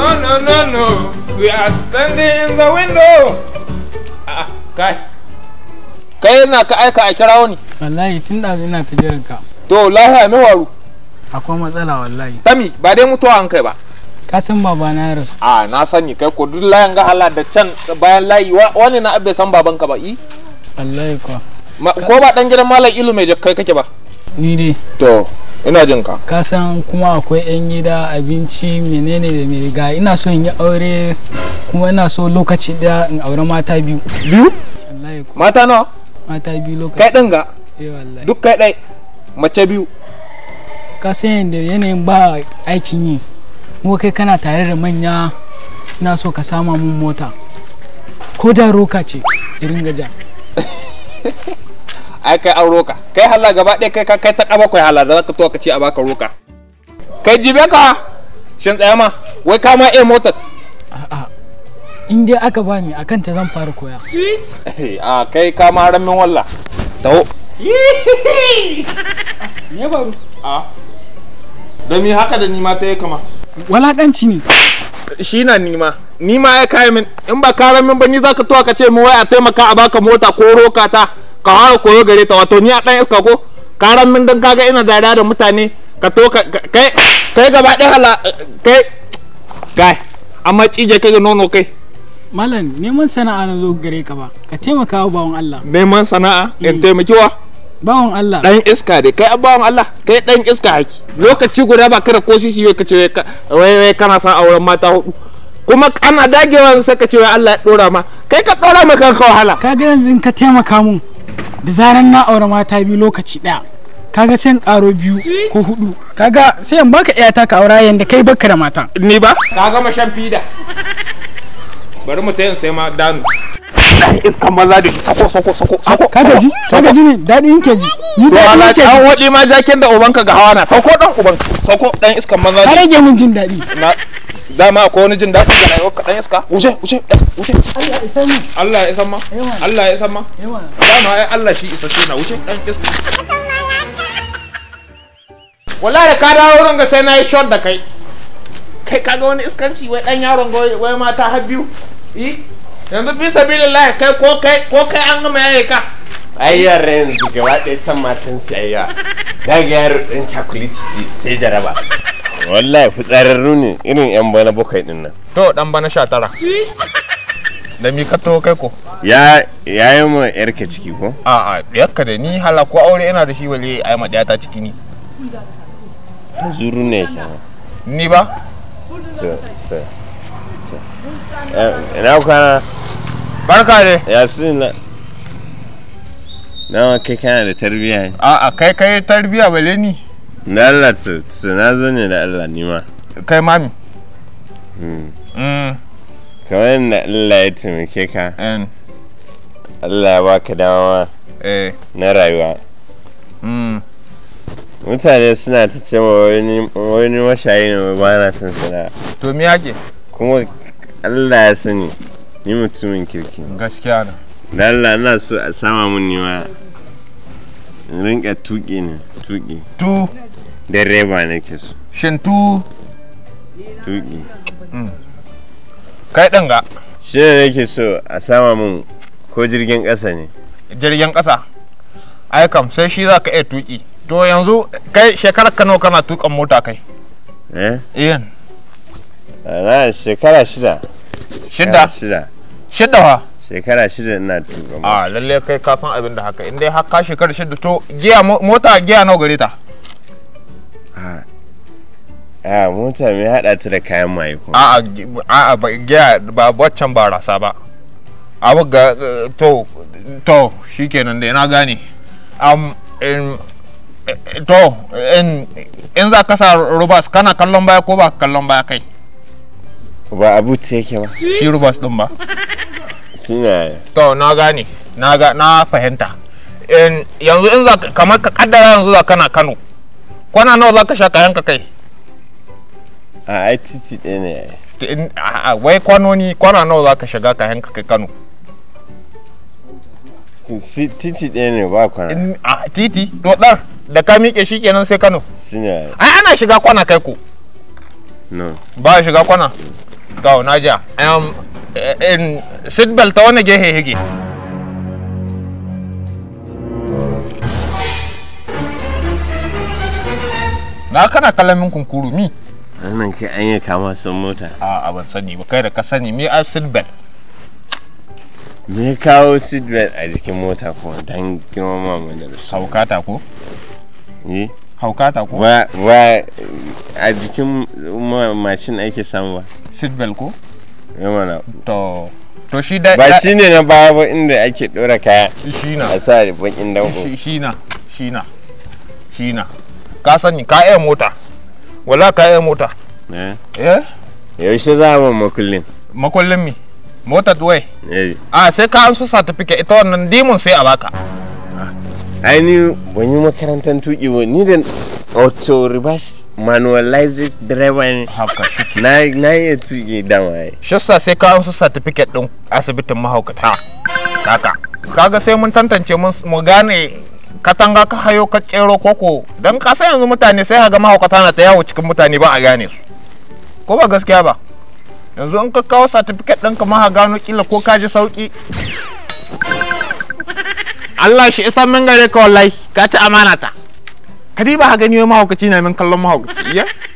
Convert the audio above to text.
No, no, no, no. We are standing in the window. Ah, ah kai. Kai yana ka aika a kirawo ni. Wallahi tun da ina ta jiran ka. To, lahiya me waru? Akwai matsala wallahi. Tami, ba dai mutuwa an kai ba. Ka san baba na ya rasu. Ah, na sani kai ko duk layan ga hala da can bayan layi wani na abbe san baban ka ba i? Wallahi ko. Ko ba dan gidan malam ilu mai jakkai kake ba? Ni ne. To, ina jin ka ka san kuma akwai yan gida abinci menene da mai ga ina so in yi aure kuma ina so lokaci da in aure mata biyu biyu mata nawa mata biyu lokaci kai din ga eh, duk kai dai mace biyu ka san yadda yanayin ba aikin yi kuma kai kana tare da manya ina so ka sama mun mota ko da roka ce irin gaja ai kai an roka kai halla gaba ɗaya kai kai ta ƙaba kai halla da ka to ka ce a baka roka kai jibe ka shin tsaya ma wai ka ma eh motar in dai aka bani akan ta zan fara koya eh, a kai ka ma ramin walla ho ne ru a da mi haka da nima ta yi kama walakanci ne shi na nima nima ya kayi min in ba ka ramin ba ni zaka to ka ce mu wai a taimaka a baka mota ko roka ta ka wara koyo gare ta wato ni a dan iska ko karan min dan kaga ina dariya da mutane ka to kai kai gaba ɗaya hala kai kai amma cije kai ga nono kai malam neman sana'a na zo gare ka ba ka taimaka wa bawon Allah neman sana'a in eh. taimaki wa bawon Allah dan iska dai kai bawon Allah kai dan iska haki lokaci guda ba kada ko sisi ka ce wai wai kana sa auren mata hudu kuma ana dagewa sai ka ce wai Allah ya dora ma kai ka dora ma kanka wahala kaga yanzu in ka taimaka mun da zaran na aure mata biyu lokaci ɗaya kaga sai ƙaro karo biyu ko hudu kaga sai in baka iyata ka aura yanda kai baka da mata ni ba ka gama shan fida bari mu tayin sai ma danu iskan maza da shi sako sako sako ka ji? ka ji ne Daɗi yake ji ni da ji an wadi ma jakin da ubanka ga hawa na sako dan ubanka sako dan iskan maza ka rage min jin daɗi dama akwai wani jin daɗin gana rayuwar kaɗan iska wuce wuce eh, wuce Allah ya san eh, Allah ya san ma Allah eh, ya ma dama ai Allah shi isa na wuce ɗan iska wallahi da ka dawo wurin ga sai na yi shot da kai kai kaga wani iskanci wai ɗan yaron wai mata har biyu yanzu fi sabilillah kai ko kai ko kai an gama yaye ka ai yara yanzu gaba ɗaya san matan siyayya daga yaro ɗan cakuliti sai jaraba wallahi fitsararru ne irin yan bana bakwai din nan to dan bana sha tara da mi ka to kai ko ya ya yi ma yarka ciki ko a a yarka da ni hala ko aure ina da shi wale a yi ma ta ciki ni zuru ne kenan ni ba so so so eh, ina kwana barka ne ya suna na kai kana da tarbiyya a a kai kai tarbiyya wale ni da Allah su na zo ne da Allah nima. ma kai mami hmm. Hmm. kamar yadda Allah ya taimake ka Allah ya baka dama eh. na rayuwa hmm. mutane suna ta ce wani mashayi ne ba na san sana'a to mi yake kuma Allah ya sani ni mutumin kirki gaskiya na. da Allah na so a sama mun nima ma rinka tuki ne tuki tu direba nake so shintu tuki hmm. kai ɗin ga shi ne nake so a sama mun ko jirgin ƙasa ne jirgin ƙasa ai kam sai shi za ka iya tuki to yanzu kai shekarar ka nawa kana tukan mota kai eh iyan na shekara shida shida shida shida fa shekara shida ina tuka mota a ah, lalle kai kafin abin da haka in dai haka shekara shida to giya mota giya nawa gare ta a mota mai hada ta da kayan maye kuma a a ba ba waccan ba rasa ba abu ga to to shikenan da na gane am to in in za ka sa rubas kana kallon baya ko ba kallon baya kai ba abu ta yake ba shi rubas din ba shine to na gane na fahimta yanzu in za kamar ka kaddara yanzu za kana Kano kwana nawa za ka sha kayan ka kai a titi ɗaya ne a wai kwanoni kwana nawa za ka shiga kayan ka kai kano titi ɗaya ne ba kwana a titi to dan da ka miƙe shi kenan sai kano ai ana shiga kwana kai ko no ba shiga kwana ga na ja eh, eh, sit belt ta wani gehe hige na kana kalamin kunkuru mi nan ke an yi kama sun mota a ban sani ba kai da ka sani me a seatbelt me kawo seatbelt a jikin mota ko dan girma mana da su haukata ko eh haukata ko wa wa a jikin mashin ake samu ba seatbelt ko eh, mana to to shi da ba shi ne na baya ba inda ake dora kaya shi na a sa ribon inda ko shi na shi na shi na ka sani ka iya mota wala ka iya mota eh, eh? yaushe za mu makullin makullin mi motar wai eh. a ah, sai ka amsa certificate ita wannan dimun sai a baka ah. ai ni ban yi makarantar tuki ba ni da auto reverse manualized driver ne haka shi na na yi tuki dama ai shasta sai ka amsa certificate din asibitin mahaukata kaka kaga sai mun tantance mun gane katanga ka hayo ka tsero koko don kasa yanzu mutane sai haga mahaukata na ta yawo cikin mutane ba a gane su ko ba gaskiya ba yanzu in ka kawo satifiket ɗinka ma gano kila ko ka ji sauki Allah shi isa min gare ka wallahi ka ci amana ta kadi ba ha gani mahaukaci na min kallon mahaukaci ya